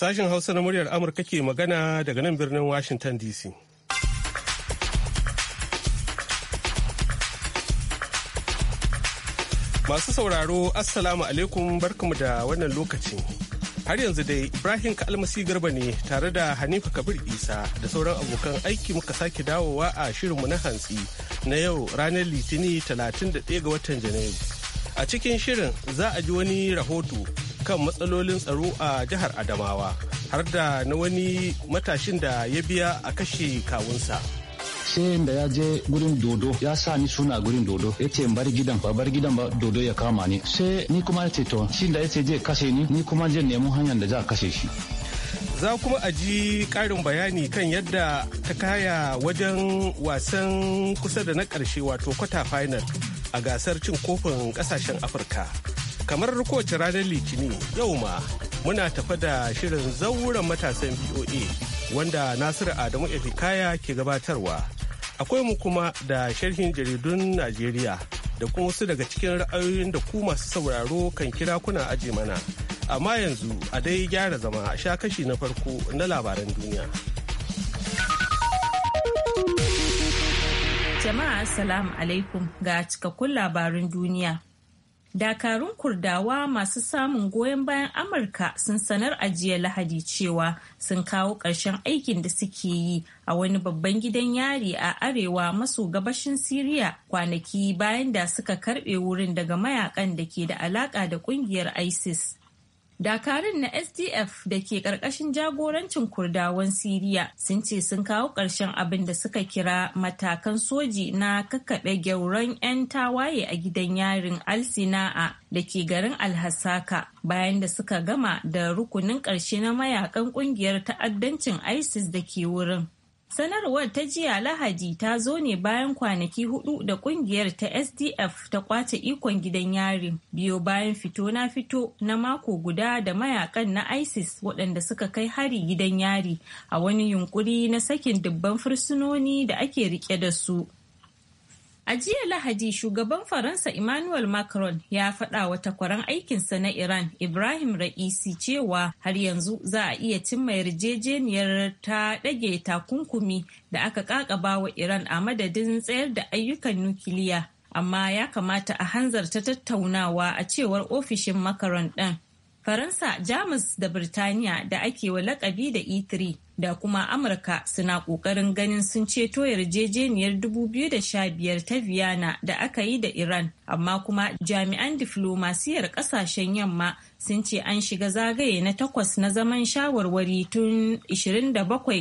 Sashen Hausa na muryar Amurka ke magana daga nan birnin Washington DC. Masu sauraro, Assalamu alaikum barkamu da wannan lokaci. Har yanzu dai Ibrahim Kalmasi Garba ne tare da Hanifa Kabir Isa da sauran abokan aiki muka sake dawowa a shirinmu na hantsi na yau ranar Litini 31 ga watan Janairu. A cikin shirin za a ji wani rahoto kan matsalolin tsaro a jihar Adamawa har da na wani matashin da ya biya a kashe kawunsa. sai da ya je gurin dodo ya sa ni suna gurin dodo ya ce bar gidan ba bar gidan ba dodo ya kama ni sai ni kuma ya ce to shi da ya ce je kashe ni ni kuma je nemo hanyar da za a kashe shi za kuma a ji karin bayani kan yadda ta kaya wajen wasan kusa da na karshe wato kwata final a gasar cin kofin kasashen afirka kamar kowace ranar litinin yau ma muna tafa da shirin zauren matasan voa wanda nasiru adamu efikaya ke gabatarwa akwai mu kuma da sharhin jaridun najeriya da kuma wasu daga cikin ra'ayoyin da ku masu sauraro kan kira kuna aje mana amma yanzu a dai gyara zama sha kashi na farko na labaran duniya jama'a Salamu alaikum ga cikakkun labarin duniya dakarun kurdawa masu samun goyon bayan amurka sun sanar a jiya lahadi cewa sun kawo ƙarshen aikin da suke yi a wani babban gidan yari a arewa maso gabashin siriya kwanaki bayan da suka karbe wurin daga mayakan da ke da alaka da ƙungiyar isis dakarun na sdf da ke karkashin jagorancin kurdawan siriya sun ce sun kawo ƙarshen abin da suka kira matakan soji na kakkaɓe gyauran 'yan tawaye a gidan yarin al-Sina'a da ke garin alhassaka bayan da suka gama da rukunin ƙarshe na mayakan ƙungiyar ta'addancin isis da ke wurin Sanarwar ta jiya Lahadi ta zo ne bayan kwanaki hudu da kungiyar ta SDF ta kwace ikon gidan yari biyo bayan fito na fito na mako guda da mayakan na ISIS waɗanda suka kai hari gidan yari a wani yunkuri na sakin dubban fursunoni da ake rike da su. A jiya Lahadi shugaban Faransa Emmanuel Macron ya faɗa wa takwaran aikinsa na Iran Ibrahim Ra'isi cewa har yanzu za a iya cimma yarjejeniyar ta ɗage takunkumi da aka ƙaƙaba wa Iran a madadin tsayar da ayyukan nukiliya. Amma ya kamata a hanzarta tattaunawa a cewar ofishin Macron ɗin. Faransa, Jamus da Birtaniya da ake wa lakabi da E3 da kuma Amurka suna ƙoƙarin ganin sun ceto yarjejeniyar 2015 ta Vienna da aka yi da Iran, amma kuma jami'an diflomasiyar ƙasashen yamma sun ce an shiga zagaye na takwas na zaman shawarwari tun 27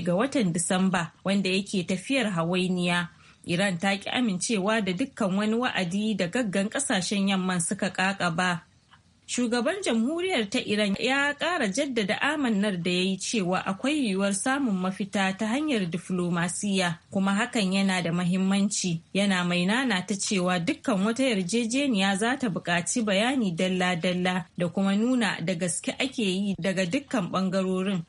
ga watan Disamba wanda yake tafiyar hawainiya. Iran ta ki amincewa da dukkan wani wa'adi da gaggan ƙasashen yamman suka ƙaƙaba. shugaban jamhuriyar ta iran ya kara jaddada amannar da ya yi cewa akwai yiwuwar samun mafita ta hanyar diflomasiya kuma hakan yana da mahimmanci yana mai nana ta cewa dukkan wata yarjejeniya za ta buƙaci bayani dalla-dalla da kuma nuna da gaske ake yi daga dukkan ɓangarorin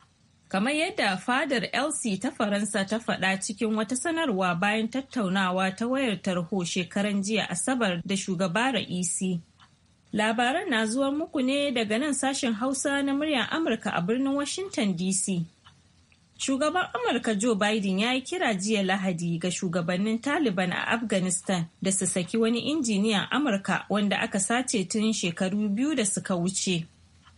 kamar yadda fadar elsie ta faransa ta faɗa cikin wata sanarwa bayan tattaunawa ta wayar tarho shekaran jiya asabar da shugaba ra'isi Labaran na zuwa muku ne daga nan sashen Hausa na muryar Amurka a birnin Washington DC. Shugaban Amurka Joe Biden ya yi kira jiya Lahadi ga shugabannin Taliban a Afghanistan da su saki wani injiniyan Amurka wanda aka sace tun shekaru biyu da suka wuce.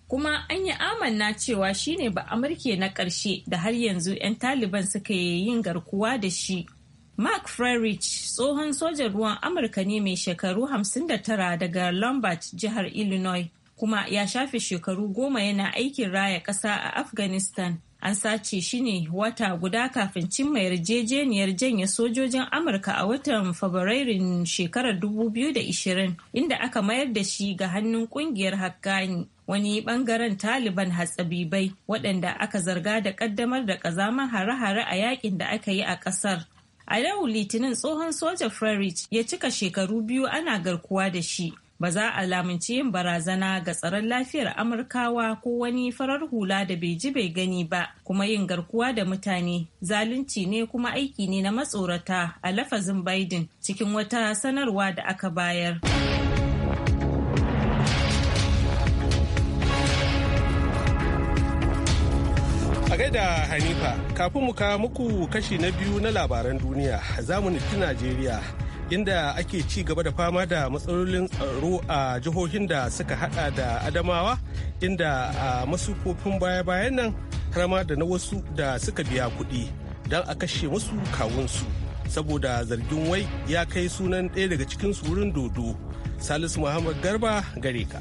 Kuma an yi amanna cewa shine ba Amurke na ƙarshe da har yanzu 'yan Taliban suka yin garkuwa da shi Mark Frerich tsohon sojan ruwan Amurka ne mai shekaru 59 daga Lombard, jihar Illinois, kuma ya shafe shekaru goma yana aikin raya ƙasa a Afghanistan. An sace shi ne wata guda kafin cimma yarjejeniyar janye sojojin Amurka a watan Fabrairun shekarar 2020, inda aka mayar da shi ga hannun kungiyar Haqqani. wani bangaren taliban hatsabibai waɗanda aka zarga da ƙaddamar da ƙazaman hare-hare a yakin da aka yi a ƙasar A yau Litinin tsohon soja Frerich ya cika shekaru biyu ana garkuwa da shi. Ba za a lamunci yin barazana ga tsaron lafiyar Amurkawa ko wani farar hula da bai ji bai gani ba, kuma yin garkuwa da mutane zalunci ne kuma aiki ne na matsorata a lafazin Biden cikin wata sanarwa da aka bayar. A gaida Hanifa, kafin mu kawo muku kashi na biyu na labaran duniya za mu Najeriya inda ake ci gaba da fama da matsalolin tsaro a jihohin da suka hada da Adamawa inda a masukofin baya-bayan nan harama da na wasu da suka biya kuɗi don a kashe musu kawunsu saboda zargin wai ya kai sunan ɗaya daga cikin wurin dodo. Salisu Muhammad Garba gare ka.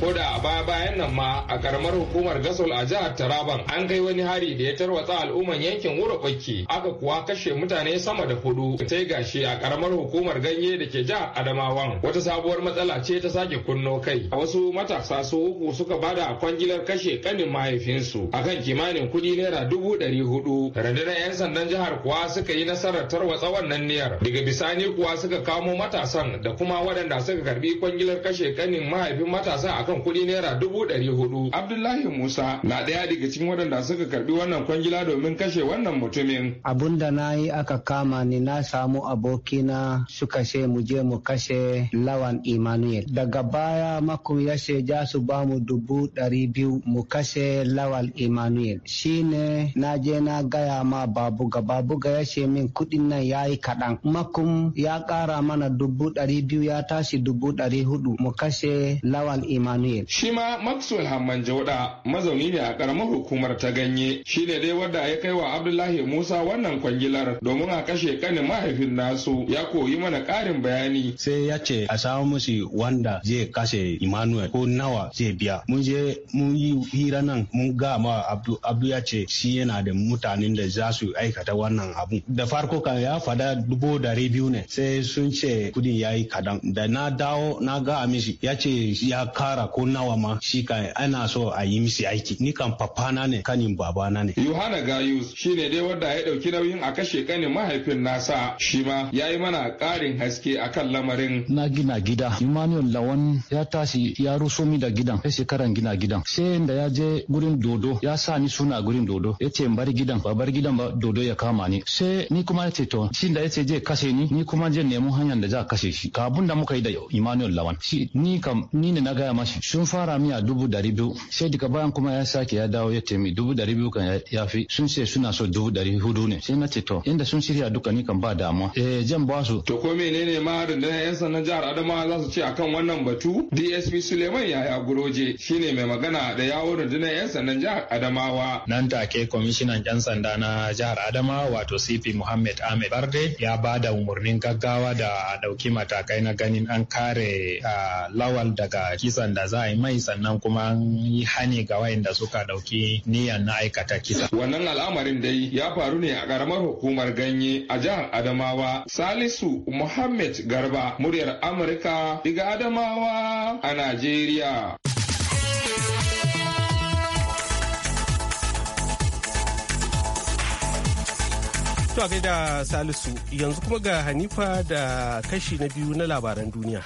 ko da a baya bayan nan ma a karamar hukumar gasol a jihar taraban an kai wani hari da ya tarwatsa al'umman yankin wuro aka kuwa kashe mutane sama da hudu sai gashi a karamar hukumar ganye da ke jihar adamawan wata sabuwar matsala ce ta sake kunno kai A wasu matasa su uku suka bada kwangilar kashe kanin mahaifinsu akan kimanin kudi naira dubu ɗari hudu rundunar 'yan sandan jihar kuwa suka yi nasarar tarwatsa wannan niyar daga bisani kuwa suka kamo matasan da kuma waɗanda suka karbi kwangilar kashe kanin mahaifin matasan A kan kuɗi naira dubu ɗari hudu. Abdullahi Musa na ɗaya daga cikin waɗanda suka karbi wannan kwangila domin kashe wannan mutumin. Abun da na yi aka kama ni na samu abokina suka ce mu je mu kashe Lawan Emmanuel. Daga baya maku ya ja su ba mu dubu ɗari biyu mu kashe Lawan Emmanuel. Shi na je na gaya ma babuga babuga ya ce min kuɗin nan ya yi kaɗan. Makum ya ƙara mana dubu ɗari biyu ya tashi dubu ɗari hudu mu kashe Lawan Emmanuel. Emmanuel. Shi ma Maxwell Hamman Jauda mazauni ne a karamar hukumar ta ganye shi ne dai wanda ya kai wa Abdullahi Musa wannan kwangilar domin a kashe kanin mahaifin nasu ya koyi mana ƙarin bayani. Sai ya ce a samu musu wanda zai kashe Emmanuel ko nawa zai biya. Mun je mun yi hira nan mun ga ma Abdu Abdu ya ce shi yana da mutanen da za su aikata wannan abu. Da farko kan ya fada dubu dari biyu ne sai sun ce kudin ya yi kadan. Da na dawo na ga mishi ya ce ya ka fara ko nawa ma shi ka ana so a yi misi aiki ni kan na ne kanin babana ne yohana gayus ne dai wanda ya dauki nauyin a kashe kanin mahaifin nasa shi ma yayi mana karin haske a kan lamarin na gina gida Imanu Lawan ya tashi ya ruso mi da gidan sai shekaran gina gidan sai da ya je gurin dodo ya sa ni suna gurin dodo ya ce bar gidan ba bar gidan ba dodo ya kama ni sai ni kuma ya ce to shi da ya ce je kashe ni ni kuma je nemo hanyar da za a kashe shi kabun da muka yi da imanu Lawan shi ni kam ni ne na gaya mashi sun fara min a dubu dari biyu sai daga bayan kuma ya sake ya dawo ya temi dubu dari biyu kan ya fi sun ce suna so dubu dari hudu ne sai na ce to inda sun shirya duka ni kan ba damuwa eh jan ba su. to ko menene ma rundunar yan sannan jihar adamawa za su ce akan wannan batu dsp suleiman yaya guroje shine mai magana da yawo rundunar yan sannan jihar adamawa. nan take kwamishinan yan sanda na jihar adamawa wato cp muhammad ahmed barde ya ba da umarnin gaggawa da ɗauki matakai na ganin an kare ah, lawal daga kisa. waɗanda za a yi mai sannan kuma yi hani ga waɗanda suka ɗauki niyan na aikata kisa. Wannan al'amarin dai ya faru ne a karamar hukumar ganye a jihar Adamawa. Salisu Muhammad Garba muryar Amurka diga Adamawa a Najeriya. To da Salisu yanzu kuma ga Hanifa da kashi na biyu na labaran duniya.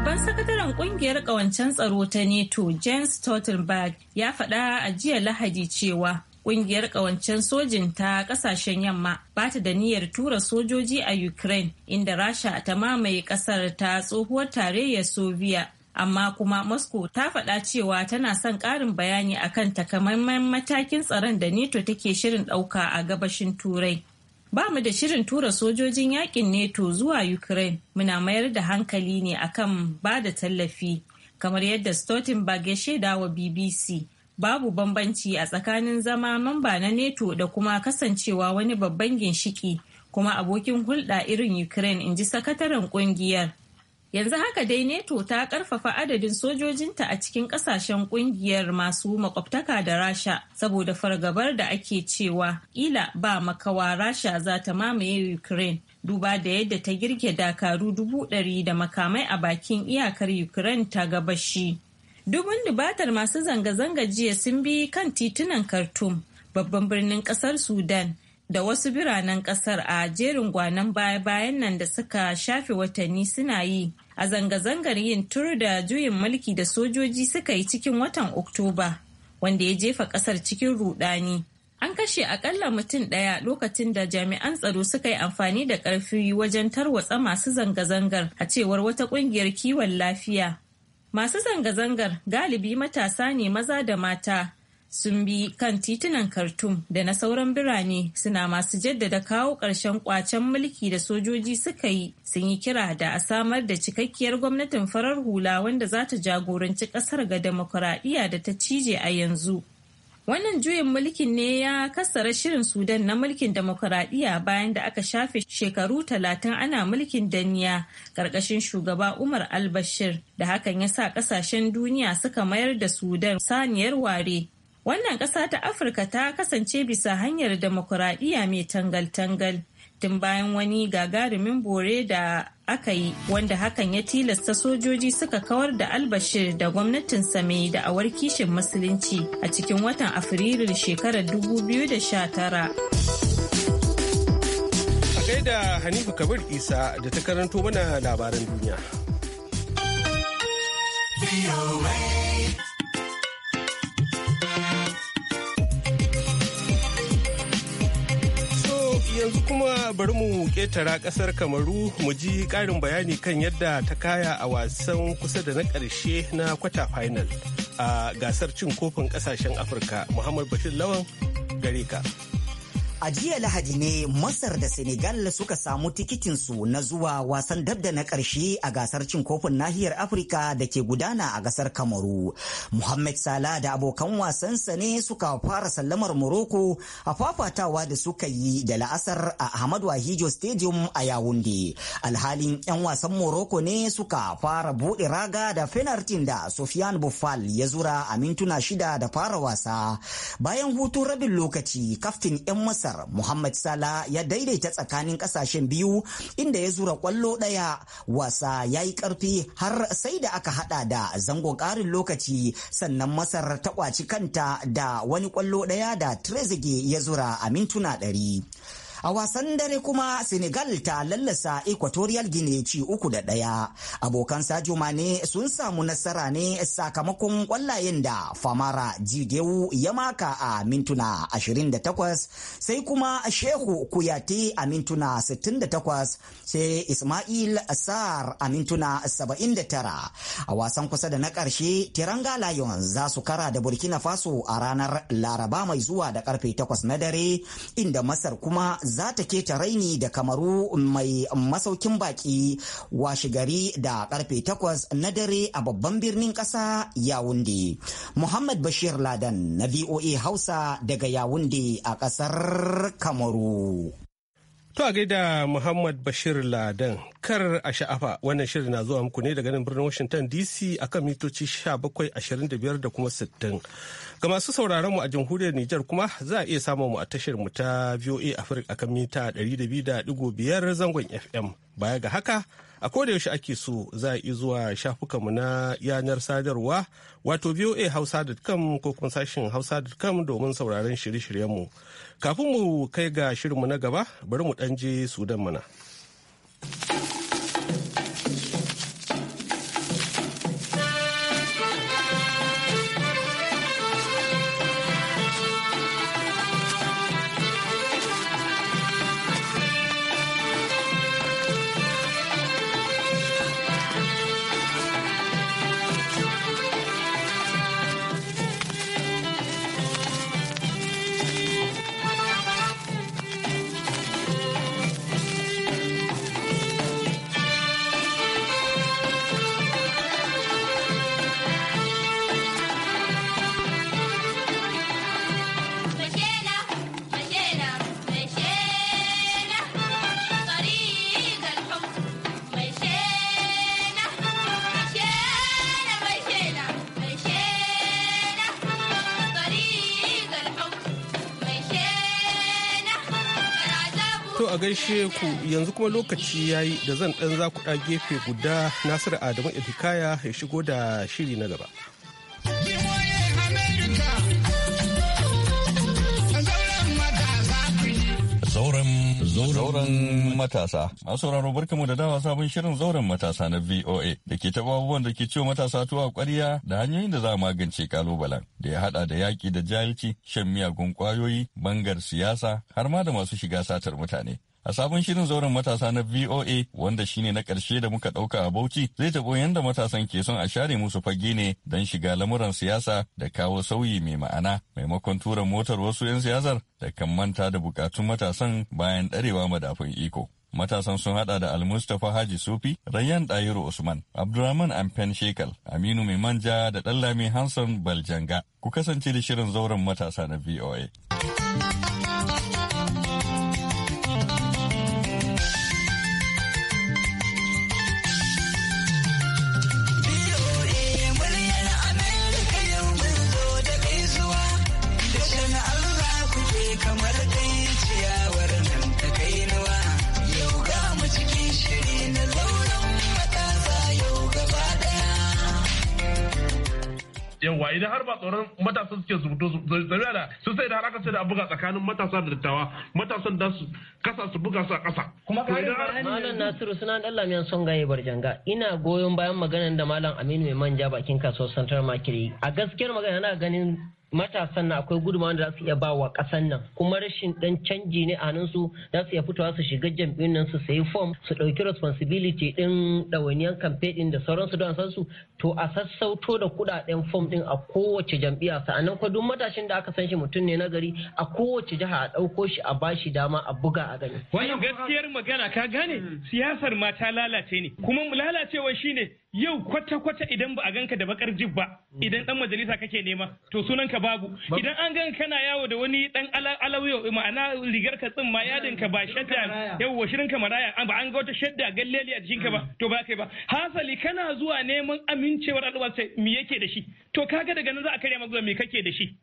Babban sakataren kungiyar kawancen tsaro ta NATO James Stoltenberg ya faɗa a jiya Lahadi cewa kungiyar kawancen sojin ta ƙasashen yamma ba ta da niyyar tura sojoji a Ukraine inda Rasha ta mamaye ƙasar ta tsohuwar tarayyar Soviya. Amma kuma Moscow ta faɗa cewa tana son ƙarin bayani akan takamaiman matakin tsaron da NATO take shirin ɗauka a gabashin Turai. Ba mu da shirin tura sojojin yakin NATO zuwa Ukraine muna mayar da hankali ne akan ba da tallafi kamar yadda Stoltenberg ya shaida wa BBC. Babu bambanci a tsakanin zama mamba na NATO da kuma kasancewa wani babban ginshiki kuma abokin hulɗa irin Ukraine in ji sakataren ƙungiyar Yanzu haka dai NATO ta karfafa adadin sojojinta a cikin kasashen kungiyar masu makwabtaka da Rasha saboda fargabar da ake cewa Ila ba makawa Rasha za ta mamaye Ukraine duba da yadda ta girke dakaru dubu ɗari da makamai a bakin iyakar Ukraine ta gabashi. Dubun dubatar masu zanga-zanga jiya sun bi kan titunan Khartoum, babban birnin ƙasar Sudan, da wasu biranen kasar a jerin gwanan baya-bayan nan da suka shafe watanni suna yi a zanga-zangar yin tur da juyin mulki da sojoji suka yi cikin watan Oktoba, wanda ya jefa ƙasar cikin rudani. An kashe akalla mutum ɗaya lokacin da jami'an tsaro suka yi amfani da ƙarfi wajen tarwatsa masu zanga-zangar a cewar wata ƙungiyar kiwon lafiya. Masu zanga-zangar galibi matasa ne maza da mata sun bi kan titunan Khartoum da na sauran birane suna masu jaddada kawo ƙarshen ƙwacen mulki da sojoji suka yi sun yi kira da a samar da cikakkiyar gwamnatin farar hula wanda za ta jagoranci ƙasar ga demokuraɗiyya da ta cije a yanzu. Wannan juyin mulkin ne ya kassara shirin Sudan na mulkin demokuraɗiyya bayan da aka shafe shekaru talatin ana mulkin danniya ƙarƙashin shugaba Umar al-Bashir da hakan ya sa ƙasashen duniya suka mayar da Sudan saniyar ware Wannan ƙasa ta Afirka ta kasance bisa hanyar demokuraɗiyya mai tangal-tangal tun bayan wani gagarumin bore da aka yi wanda hakan ya tilasta sojoji suka kawar da albashir da gwamnatin mai da awar kishin musulunci a cikin watan afrilun shekarar 2019. da Hanifu Kabir Isa da ta karanto mana labaran duniya. yanzu kuma bari mu ƙetara ƙasar kamaru mu ji ƙarin bayani kan yadda ta kaya a wasan kusa da na ƙarshe na kwata final a gasar cin kofin ƙasashen afirka muhammad bashir lawan gare ka. A jiya Lahadi ne Masar da Senegal suka samu tikitinsu na zuwa wasan dabda na ƙarshe a gasar cin kofin nahiyar Afirka da ke gudana a gasar Kamaru. Muhammad Salah da abokan wasansa ne suka fara sallamar Morocco a fafatawa da suka yi da la'asar a Ahmadu Wahijo Stadium a Yawunde. Alhalin 'yan wasan Moroko ne suka fara buɗe raga da fenartin da Sofiane Buffal ya zura a mintuna shida da fara wasa. Bayan hutun rabin lokaci, kaftin 'yan Masar gasar muhammad sala ya daidaita tsakanin kasashen biyu inda ya zura kwallo daya wasa ya yi karfi har sai da aka hada da zango karin lokaci sannan masar ta kwaci kanta da wani kwallo daya da trezege ya zura a mintuna ɗari A wasan dare kuma Senegal ta lallasa Equatorial Guinea ci uku da ɗaya. Abokan Sadio Mane sun samu nasara ne sakamakon kwallayen da Famara Jigewu ya maka a mintuna 28 sai kuma Shehu Kuyate a mintuna 68 sai Ismail Sar a mintuna 79. A wasan kusa da na ƙarshe Tiranga Lions za su kara da Burkina Faso a ranar Laraba mai zuwa da karfe 8 na dare inda Masar kuma za ta keta raini da kamaru mai masaukin baki washe gari da karfe takwas na dare a babban birnin ƙasa yawunde muhammad bashir ladan na voa hausa daga yawunde a kasar kamaru To a gaida Muhammad Bashir Ladan kar a sha'afa wannan shirin na zuwa muku ne daga nan birnin Washington DC akan mitoci 1725 da kuma 60. Ga masu sauraron mu a jamhuriyar Nijar kuma za a iya samun mu a tashar mu ta VOA Africa akan mita 200.5 zangon FM. Baya ga haka a yaushe ake so za a yi zuwa shafukanmu na yanar sadarwa wato voa hausa.com ko kuma sashin hausa.com domin sauraron shirye-shiryenmu kafin mu kai ga shirinmu na gaba bari mu ɗan je sudan mana. gaishe ku yanzu kuma lokaci ya yi da zan ɗan za ku gefe guda Nasiru Adamu Ilhikaya ya shigo da shiri na gaba. Zauren matasa. A sauraro barkamu da dawa sabon shirin zauren matasa na VOA da ke taɓa abubuwan da ke ciwo matasa tuwa ƙwarya da hanyoyin da za a magance kalubalen da ya haɗa da yaƙi da jahilci, shan miyagun ƙwayoyi, bangar siyasa har ma da masu shiga satar mutane. A sabon shirin zauren matasa na VOA wanda shine na ƙarshe da muka ɗauka a Bauchi zai taɓo yadda matasan ke son a share musu fage ne don shiga lamuran siyasa da kawo sauyi mai ma'ana maimakon tura motar wasu 'yan siyasar da kan manta da buƙatun matasan bayan ɗarewa madafun iko. Matasan sun hada da Almustapha Haji Sufi, Rayyan Dayiru Usman, abdulrahman Amfen Shekal, Aminu Mai Manja da Ɗanlami Hanson Baljanga. Ku kasance da shirin zauren matasa na VOA. yawa idan har ba tsoron matasa suke zubuto zabiya da su sai da har aka sai da buga tsakanin matasa da dattawa matasan da su kasa su buga su a kasa kuma ka yi malam nasiru suna dan lamiyan son gaye barjanga ina goyon bayan maganar da malam aminu mai manja bakin kasuwar central market a gaskiyar magana na ganin matasan na akwai gudunmawar da za su iya ba wa ƙasan nan kuma rashin ɗan canji ne a su za su iya fitowa su shiga jam'in nan su sayi fom su ɗauki responsibility ɗin ɗawainiyar campaign ɗin da sauransu don san su to a sassauto da kuɗaɗen fom ɗin a kowace jam'iyya sa'annan ko duk matashin da aka san shi mutum ne na gari a kowace jiha a ɗauko shi a bashi dama a buga a gani. wannan gaskiyar magana ka gane mm. siyasar mata ta lalace ne kuma lalacewar shine yau kwata-kwata idan ba a ganka da bakar jib ba mm. idan dan majalisa kake nema to sunanka babu idan an gan kana yawo da wani dan alawiyo ma'ana rigar ka tsin ma yadin ka ba shadda yau shirin ka maraya an ba an ga wata shadda galleli a jikin ka ba mm. to ba kai ba hasali kana zuwa neman amincewar al'umma sai me yake da shi to kaga daga nan za a karya maka me kake da shi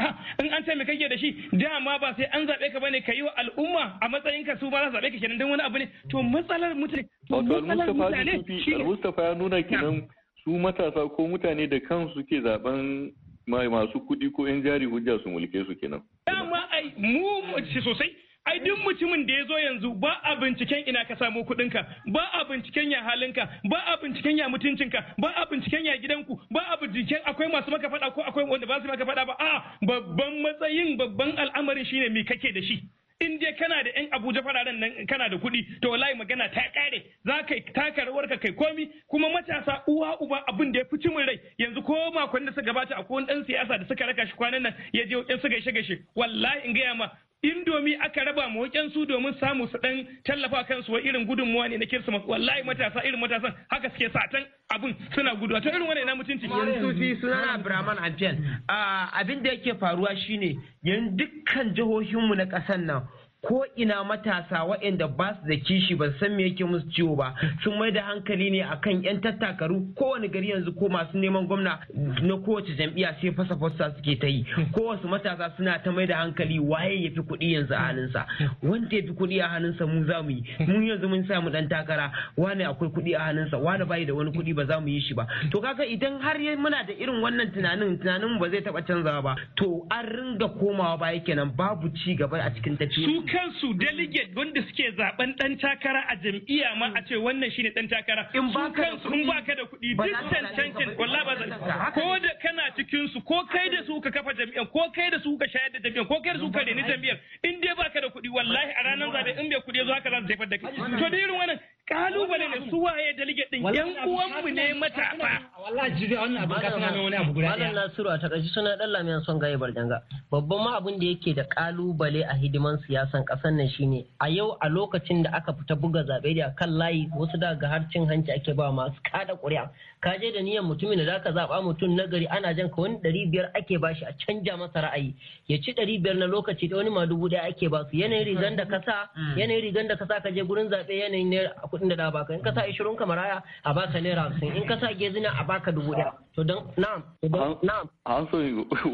in an ce me da shi dama ba sai an zaɓe ka bane ka yi wa al'umma a matsayin ka su ba za zaɓe ka kenan don wani abu ne to matsalar mutane to matsalar mutane Mustafa ya nuna kenan su matasa ko mutane da kansu suke zaben masu kuɗi ko 'yan jari hujja su mulke su kenan dama ai mu sosai ai duk mutumin da ya zo yanzu ba a binciken ina ka samu kuɗinka ba a binciken ya halinka ba a binciken ya mutuncinka ba a binciken ya gidanku ba a binciken akwai masu maka faɗa ko akwai wanda ba su maka faɗa ba a babban matsayin babban al'amarin shine me kake da shi in dai kana da yan abuja fararen nan kana da kuɗi to wallahi magana ta kare za ka taka rawar ka kai komi kuma matasa uwa uba abin da ya fi cimin rai yanzu ko makon da suka gabata akwai wani ɗan siyasa da suka raka shi kwanan nan ya je yan su gaishe gaishe wallahi in gaya ma indomi aka raba mu su domin samu su dan tallafa kansu wa irin gudunmuwa ne na kirsimas wallahi matasa irin matasan haka suke satan abin suna guduwa to irin wannan na mutunci wani sufi sunan abraman abdel ah, abin da yake faruwa shine yanzu dukkan jihohin mu na kasan nan ko ina matasa waɗanda ba su da kishi ba san me yake musu ciwo ba sun mai da hankali ne akan yan tattakaru kowane gari yanzu ko masu neman gwamna na kowace jam'iyya sai fasa fasa suke ta yi Ko wasu matasa suna ta mai da hankali waye ya fi kuɗi yanzu a hannunsa wanda ya fi kuɗi a hannunsa mu za mu yi mun yanzu mun sa mu dan takara wani akwai kuɗi a hannunsa wani bai da wani kuɗi ba za mu yi shi ba to kaga idan har muna da irin wannan tunanin tunanin ba zai taɓa canzawa ba to an ringa komawa baya kenan babu ci gaba a cikin tafiya kansu delegate wanda suke zaben dan takara a jam'iyya ma a ce wannan shine dan takara in ba kansu in ka da kuɗi duk tension wallahi ba zan ko da kana cikin su ko kai da su ka kafa jam'iyyar ko kai da su ka shayar da jam'iyyar ko kai da su ka reni jam'iyyar in dai ba ka da kuɗi wallahi a ranar zabe in bai kuɗi zo haka za su jefar da kai to da irin wannan kalubale ne su waye delegate din yan uwanmu ne matafa wallahi jibi wannan abin ka tana wani abu guda malam nasiru a takaice suna dan lamiyan son gaye barjanga babban ma abin da yake da kalubale a hidiman siyasan kasan nan shine a yau a lokacin da aka fita buga zabe da kan layi wasu daga har cin hanci ake ba masu kada ƙuri'a ka je da niyan mutumin da zaka zaba mutum na gari ana jan ka wani ɗari biyar ake bashi a canja masa ra'ayi ya ci ɗari biyar na lokaci da wani ma dubu ɗaya ake ba su yanayin rigan da ka sa hmm. yanayin rigan da ka sa ka je gurin zabe yanayin ne kuɗin da da baka in ka sa 20 ka maraya a baka naira 50 in ka sa gezina a baka dubu ɗaya to dan na'am na'am an so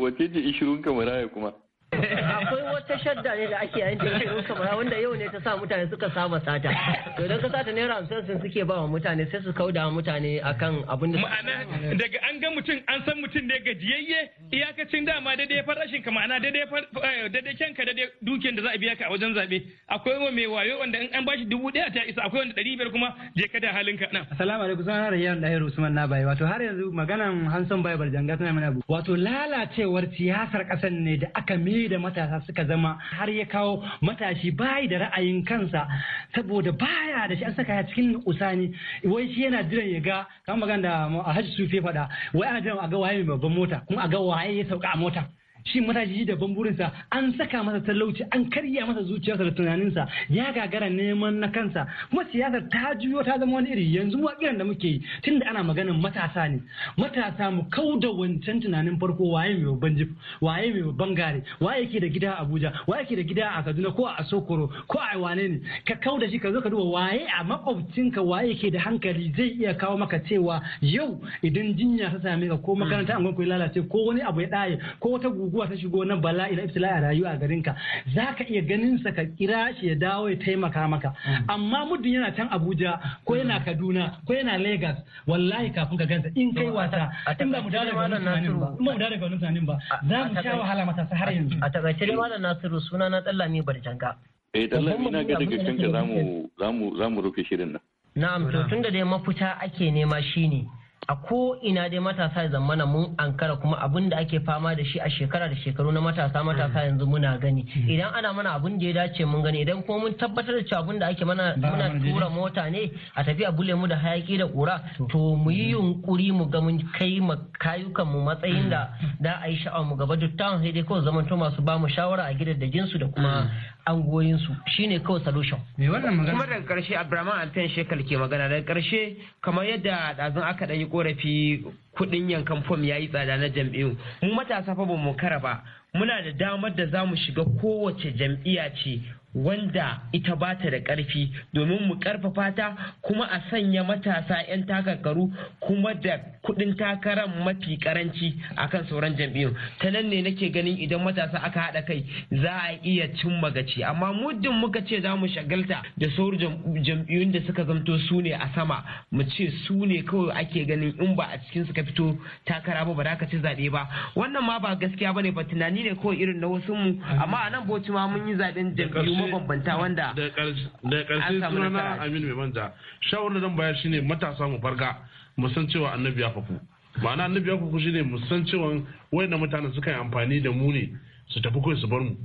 waje ce 20 ka maraya kuma akwai wata shadda ne da ake yayin da yake kamara wanda yau ne ta sa mutane suka saba sata to idan ka sata naira hamsin sun suke ba wa mutane sai su kauda mutane akan abin da ma'ana daga an ga mutum an san mutum da gajiyayye iyakacin dama daidai farashin ka ma'ana daidai kyanka eh, daidai dukiyar da za a biya ka a wajen zabe akwai wa mai wayo wanda in an bashi dubu daya ta isa akwai wanda ɗari biyar kuma je ka da halin ka na assalamu alaikum sunan rayyan dahiru usman na bai wato har yanzu maganan hanson bible janga tana mana wato lalacewar siyasar kasan ne da aka mi matsaloli da matasa suka zama har ya kawo matashi bayi da ra'ayin kansa saboda baya da shi an saka ya cikin usani wai shi yana jiran ya ga kamar magana da a hajji sufe faɗa wai ana jiran a ga waye mai babban mota kuma a ga waye ya sauka a mota shi matashi daban sa an saka masa talauci an karya masa zuciyarsa da tunaninsa ya gagara neman na kansa kuma siyasar ta juyo ta zama wani iri yanzu wakilan da muke yi da ana maganin matasa ne matasa mu kau da wancan tunanin farko waye mai babban jif waye mai babban gare waye yake da gida a Abuja waye yake da gida a Kaduna ko a Sokoro ko a wane ne ka kau da shi ka zo ka duba waye a makwabcinka waye yake da hankali zai iya kawo maka cewa yau idan jinya ta same ka ko makaranta an ku lalace ko wani abu ya ɗaye ko wata guguwa ta shigo na bala'i na ibtila'i a rayuwa a garin ka za ka iya ganin sa ka kira shi ya dawo ya taimaka maka hmm. amma muddin yana can Abuja ko yana hmm. Kaduna ko yana Lagos wallahi kafin ka ganta in kai wasa in ba mu dawo daga wannan tunanin ba mu dawo daga wannan tunanin ba za mu sha wahala matasa har yanzu a takaice ne malam Nasiru suna na Dallami Barjanga eh Dallami na ga daga kanka zamu zamu zamu rufe shirin nan na'am to tunda dai mafita ake nema shine a ko ina dai matasa ya zamana mun ankara kuma abin da ake fama da shi a shekara da shekaru na matasa matasa mm. yanzu muna gani mm. idan ana mana abin da ya dace mun gani idan kuma mun tabbatar da cewa abin da ake mana muna tura mota ne a tafi a bule mu da hayaki da kura to mu yi mm. yunkuri mu ga mun kai kayukan mu matsayin da da a yi sha'awar mu gaba duk sai dai kawai to masu ba mu shawara a da jinsu da kuma su shine kawai solution kuma daga karshe Abraham alten shekal ke magana daga karshe kamar yadda ɗazun aka ɗan yi korafi kuɗin yankan fom yayi tsada na jam'iyyu mu matasa fa ba mu kara ba muna da damar da zamu shiga kowace jam'iyya ce wanda ita ba ta da ƙarfi domin mu ƙarfafa ta kuma a sanya matasa 'yan takakaru kuma da kuɗin takarar mafi karanci kan sauran jam'iyyu ta nan ne nake ganin idan matasa aka haɗa kai za a iya cimma gaci amma muddin muka ce za mu shagalta da sauran jam'iyyun da suka zamto su ne a sama mu ce su ne kawai ake ganin in ba a cikin suka fito takara ba ba za ka ci zaɓe ba wannan ma ba gaskiya ba ne ba tunani ne kawai irin na wasu mu amma a nan bauchi ma mun yi zaɓen jam'iyyu mabambanta wanda da ƙarshe sunana aminu mai manja shawar da zan bayar shine matasa mu farga mu san cewa annabi ya fafu ma'ana annabi ya fafu shine mu san cewa wayannan mutanen suka yi amfani da mu ne su tafi kai su bar mu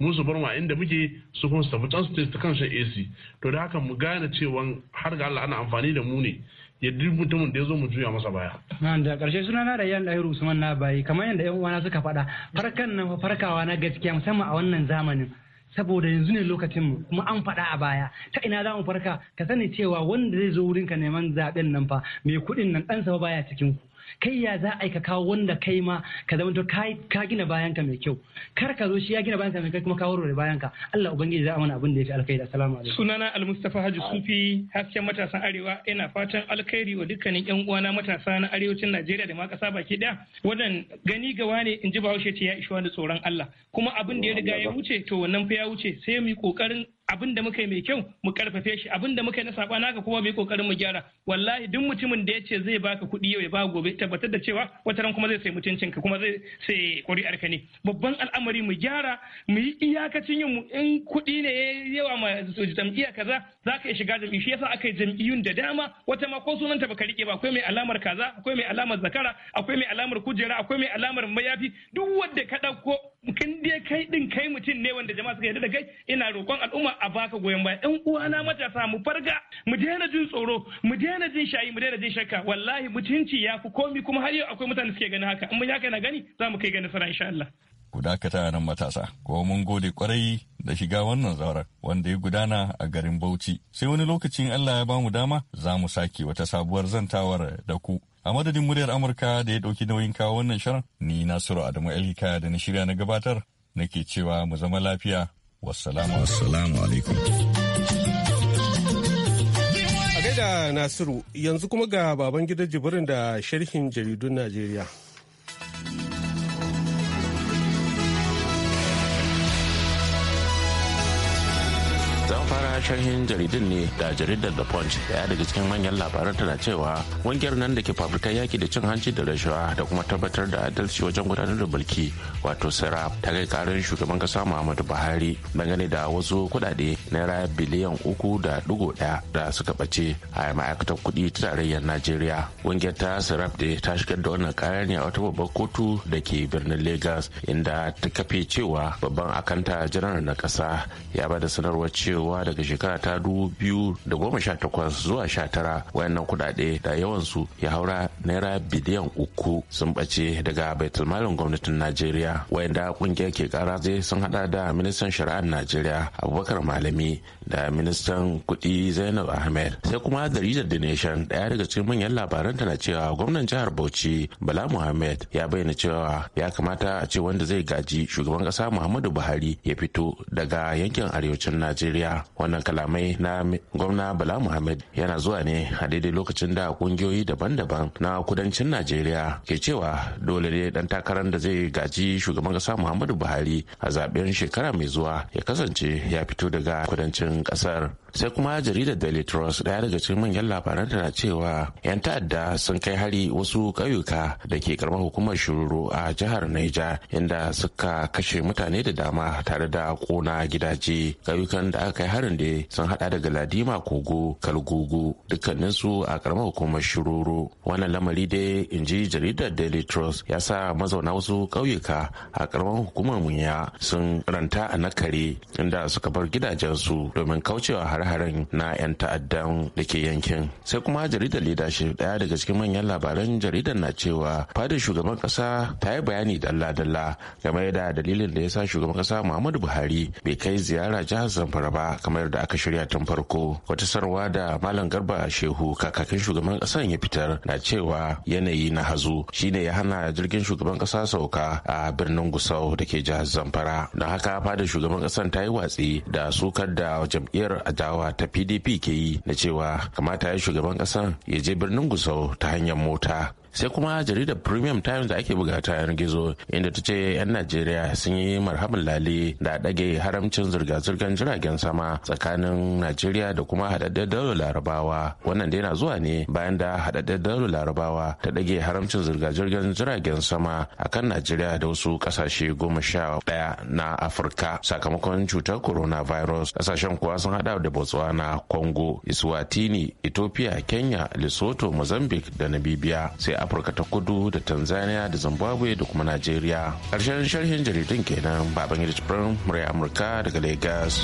mu su bar mu a inda muke su kuma su tafi can su ta kan shan AC to da haka mu gane cewa har ga Allah ana amfani da mu ne ya duk mutumin da ya zo mu juya masa baya. Na'am da karshe suna na da yan ɗahiru Usman na bayi kamar yadda yan uwana suka faɗa farkan nan farkawa na gaskiya musamman a wannan zamanin. saboda yanzu ne lokacin mu kuma an faɗa a baya ta ina za mu farka ka sani cewa wanda zai zo wurinka neman zaɓen nan fa mai kuɗin nan ɗansa baya cikin ku kai ya za a yi ka kawo wanda kai ma ka zama to ka gina bayan ka mai kyau kar ka zo shi ya gina bayan ka mai kyau kuma ka warware bayan ka Allah ubangiji za a mana abin da ya fi alkhairi assalamu alaikum sunana almustafa haji sufi hasken matasan arewa ina fatan alkhairi wa dukkanin yan uwa na matasa na arewacin Najeriya da ma kasa baki daya wannan gani gawa ne in ji Bahaushe ce ya ishi da tsoron Allah kuma abin da ya riga ya wuce to wannan fa ya wuce sai mu yi kokarin abin da muka yi mai kyau mu karfafe shi abin da muka yi na saɓa naka kuma mai kokarin mu gyara wallahi duk mutumin da ya ce zai baka kuɗi yau ya ba gobe tabbatar da cewa wata ran kuma zai sai mutuncin ka kuma zai sai ƙuri'ar ka ne babban al'amari mu gyara mu yi iyakacin yin mu in kuɗi ne yawa ma jam'iyya kaza za ka iya shiga jam'i shi yasa aka yi jam'iyyun da dama wata ma ko sunanta baka rike ba akwai mai alamar kaza akwai mai alamar zakara akwai mai alamar kujera akwai mai alamar mayafi duk wanda ka ɗauko in dai kai din kai mutum ne wanda jama'a suka yarda da kai ina roƙon al'umma a baka goyon baya ɗan uwana matasa mu farga mu daina jin tsoro mu daina jin shayi mu daina jin shakka wallahi mutunci ya fi komi kuma har yau akwai mutane suke gani haka in mun yaka na gani za mu kai ga nasara insha Allah ku dakata nan matasa ko mun gode kwarai da shiga wannan zaurar wanda ya gudana a garin Bauchi sai wani lokacin Allah ya bamu dama za mu sake wata sabuwar zantawar da ku A madadin muryar Amurka da ya ɗauki nauyin kawo wannan shirin, ni Nasiru Adamu Elika da na shirya na gabatar nake cewa mu zama lafiya. Wassalamu alaikum. A gaida Nasiru, yanzu kuma ga baban gidan jibirin da sharhin jaridun Najeriya. fara sharhin jaridun ne da jaridar The Punch daya daga cikin manyan labaran tana cewa wangiyar nan da ke fafutukar yaki da cin hanci da rashawa da kuma tabbatar da adalci wajen gudanar da mulki wato sira ta kai karin shugaban kasa Muhammadu Buhari dangane da wasu kuɗaɗe naira biliyan uku da digo ɗaya da suka ɓace a ma'aikatar kuɗi ta tarayyar Najeriya. wangiyar ta Sirap da ta shigar da wannan kaya ne a wata babbar kotu da ke birnin Lagos inda ta kafe cewa babban akanta janar na kasa ya bada sanarwar cewa daga shekara ta biyu da goma sha takwas zuwa sha tara wayannan kudade da yawan su ya haura naira biliyan uku sun bace daga baitulmalin gwamnatin najeriya wayanda ƙungiyar ke kara zai sun hada da ministan shari'ar najeriya abubakar malami da ministan kuɗi zainab ahmed sai kuma jaridar the nation ɗaya daga cikin manyan labaran na cewa gwamnan jihar bauchi bala muhammed ya bayyana cewa ya kamata a ce wanda zai gaji shugaban ƙasa muhammadu buhari ya fito daga yankin arewacin najeriya wannan kalamai na gwamna bala muhammad yana zuwa ne a daidai lokacin da kungiyoyi daban-daban na kudancin najeriya ke cewa dole ne dan takarar da zai gaji shugaban kasa muhammadu buhari a zaben shekara mai zuwa ya kasance ya fito daga kudancin kasar sai kuma jaridar daily trust daya daga cikin manyan labaran na cewa 'yan ta'adda sun kai hari wasu ƙauyuka da ke karamar hukumar shiruru a jihar naija inda suka kashe mutane da dama tare da ƙona gidaje ƙauyukan da aka kai harin Bangaren da sun hada daga ladima Kogo Kalgugu dukkaninsu a karamar hukumar Shiroro. Wannan lamari dai in ji jaridar Daily Trust ya sa mazauna wasu ƙauyuka a karamar hukumar Munya sun ranta a nakare inda suka bar gidajensu domin kaucewa har haren na 'yan ta'addan da ke yankin. Sai kuma jaridar Leadership daya daga cikin manyan labaran jaridar na cewa fadar shugaban kasa ta yi bayani dalla-dalla game da dalilin da ya sa shugaban kasa Muhammadu Buhari bai kai ziyara jihar Zamfara ba kamar gwagwarmayar da aka shirya tun farko wata sarwa da malam garba shehu kakakin shugaban kasar ya fitar na cewa yanayi na hazo shine ya hana jirgin shugaban kasa sauka a birnin gusau da ke jihar zamfara don haka fadar shugaban kasar ta yi watsi da sukar da jam'iyyar adawa ta pdp ke yi na cewa kamata ya shugaban kasar ya je birnin gusau ta hanyar mota sai kuma jaridar premium times da ake bugata 'yan gizo inda ta ce 'yan najeriya sun yi marhaban lale da ɗage haramcin zirga-zirgar jiragen sama tsakanin najeriya da kuma haɗaɗɗen daular larabawa wannan dai na zuwa ne bayan da haɗaɗɗen daular larabawa ta ɗage haramcin zirga-zirgar jiragen sama a kan najeriya da wasu ƙasashe goma sha ɗaya na afirka sakamakon cutar coronavirus ƙasashen kuwa sun haɗa da botswana congo iswatini ethiopia kenya lesotho mozambique da namibia sai afirka ta kudu da tanzania da zimbabwe da kuma najeriya ƙarshen sharhin jaridun kenan baban yadda tsibirin murya amurka daga lagos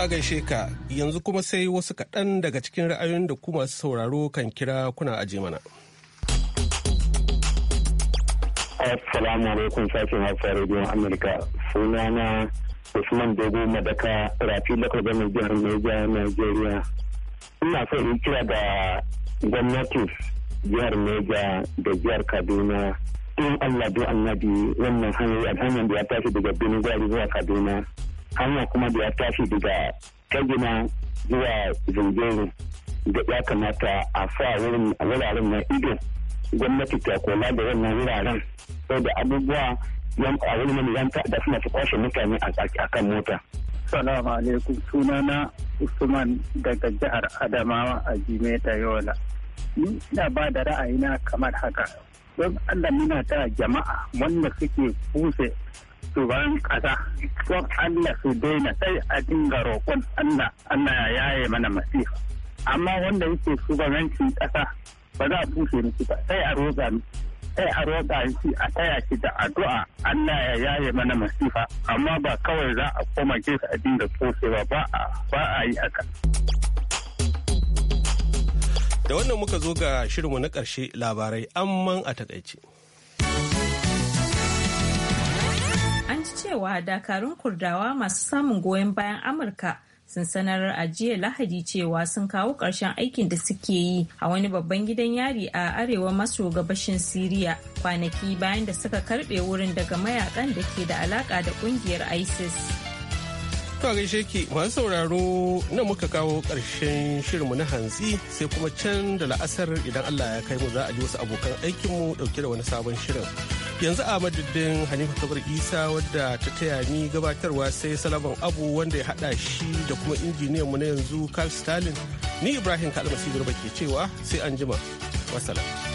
a gaishe ka yanzu kuma sai wasu kaɗan daga cikin ra'ayoyin da kuma sauraro kan kira kuna aje mana assalamu alaikum sashen hausa rediyon amurka na usman dogo madaka rafi lakar jihar nigeria ina so in kira da gwamnatin jihar Neja da jihar Kaduna in Allah do annabi wannan hanyar hanyar da ya tashi daga Benin Gwari zuwa Kaduna hanya kuma da ya tashi daga Kaduna zuwa Zungeru da ya kamata a sa wurin wuraren na ido gwamnati ta kula da wannan wuraren da abubuwa yan a wurin yanta da suna su kwashe mutane a kan mota. Salamu alaikum sunana Usman daga jihar Adamawa a Jimeta Yola. Ni ina ba da ra'ayina kamar haka. Don Allah muna ta jama'a wanda suke kuse shugaban ƙasa. Don Allah su daina sai a dinga roƙon Allah Allah ya yaye mana masifa. Amma wanda yake shugabancin ƙasa ba za a kuse musu ba sai a roƙa musu. sai a roƙa shi a taya shi da addu'a Allah ya yaye mana masifa amma ba kawai za a koma gefe a dinga tsosewa ba a yi haka. Da wannan muka zo ga shirinmu na ƙarshe labarai amman a takaice. An ji cewa dakarun kurdawa masu samun goyon bayan Amurka sun sanar a jiya lahadi cewa sun kawo ƙarshen aikin da suke yi a wani babban gidan yari a arewa maso gabashin siriya kwanaki bayan da suka karbe wurin daga mayakan da ke da alaƙa da ƙungiyar isis To gaishe ki masu sauraro nan muka kawo ƙarshen shirinmu na hantsi sai kuma can da la'asar idan Allah ya kai mu za a ji wasu abokan aikinmu ɗauke da wani sabon shirin. Yanzu a madadin Hanifa Kabar Isa wadda ta taya ni gabatarwa sai Salaman Abu wanda ya haɗa shi da kuma injiniyan mu na yanzu Carl Stalin. Ni Ibrahim Kalmasi Garba ke cewa sai an jima. Wassalam.